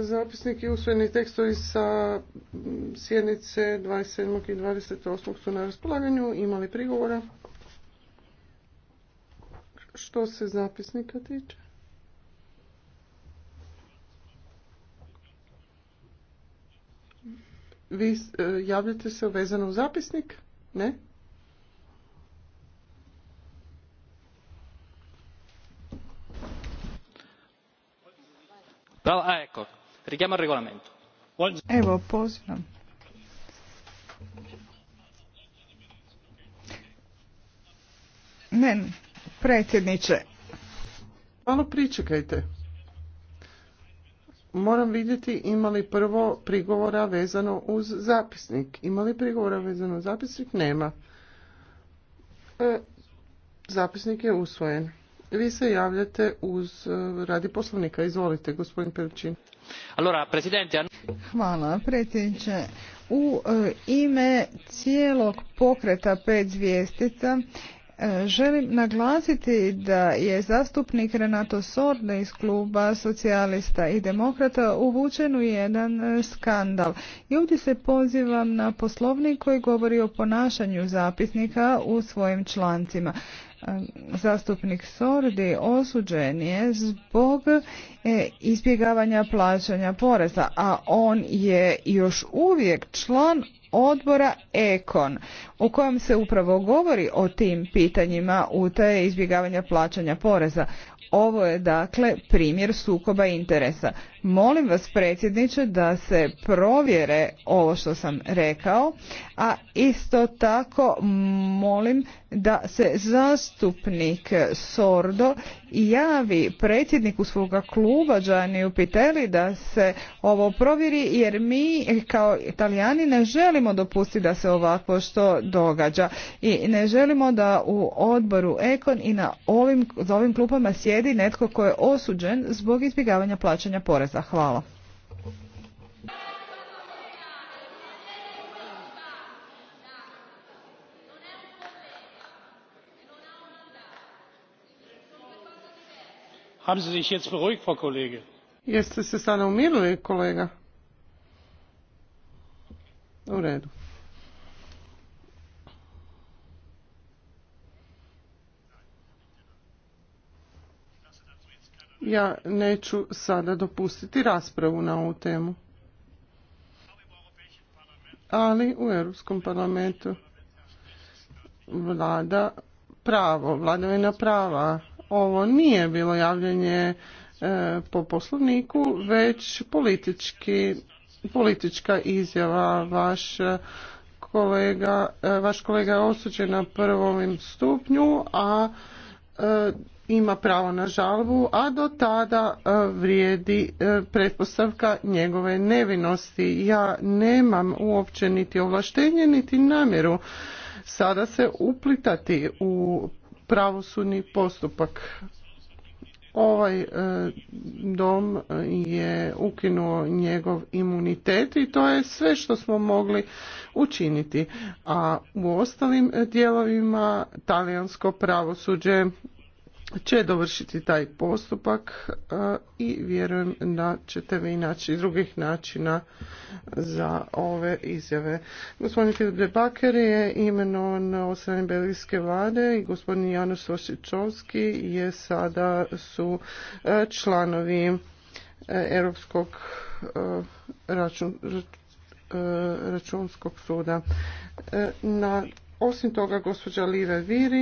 Zapisnik i usvojeni tekstovi sa sjednice 27. i 28. su na raspolaganju. Imali prigovora? Što se zapisnika tiče? Vi e, javljate se vezano u zapisnik? Ne? Ah, Richiamo Evo, pozivam. Ne, predsjedniče. Malo pričekajte. Moram vidjeti ima li prvo prigovora vezano uz zapisnik. Ima li prigovora vezano uz zapisnik? Nema. E, zapisnik je usvojen vi se javljate uz e, radi poslovnika. Izvolite, gospodin Perčin. Allora, presidente... Hvala, predsjedniče. U e, ime cijelog pokreta pet zvijestica e, Želim naglasiti da je zastupnik Renato Sorne iz kluba socijalista i demokrata uvučen u jedan skandal. I ovdje se pozivam na poslovnik koji govori o ponašanju zapisnika u svojim člancima zastupnik Sordi osuđen je zbog e, izbjegavanja plaćanja poreza, a on je još uvijek član odbora Ekon u kojem se upravo govori o tim pitanjima utaje izbjegavanja plaćanja poreza. Ovo je dakle primjer sukoba interesa. Molim vas predsjedniče da se provjere ovo što sam rekao, a isto tako molim da se zastupnik Sordo javi predsjedniku svoga kluba Gianni Upiteli da se ovo provjeri jer mi kao italijani ne želimo dopustiti da se ovako što događa i ne želimo da u odboru Ekon i na ovim, za ovim klupama sjedi netko tko je osuđen zbog izbjegavanja plaćanja poreza. Hvala. haben sie sich jetzt beruhigt jeste se sada umirili kolega? u redu. ja neću sada dopustiti raspravu na ovu temu. Ali u Europskom parlamentu vlada pravo, vladavina prava, ovo nije bilo javljanje e, po poslovniku, već politički, politička izjava vaš e, kolega, e, vaš kolega je osuđen na prvom stupnju, a ima pravo na žalbu, a do tada vrijedi pretpostavka njegove nevinosti. Ja nemam uopće niti ovlaštenje, niti namjeru sada se uplitati u pravosudni postupak. Ovaj e, dom je ukinuo njegov imunitet i to je sve što smo mogli učiniti. A u ostalim dijelovima talijansko pravosuđe će dovršiti taj postupak i vjerujem da ćete vi naći drugih načina za ove izjave. Gospodin Filip de Baker je imenovan od strane belgijske vlade i gospodin Janus Vošičovski je sada su e, članovi e, Europskog e, računskog suda. Na, osim toga, gospođa Live Viri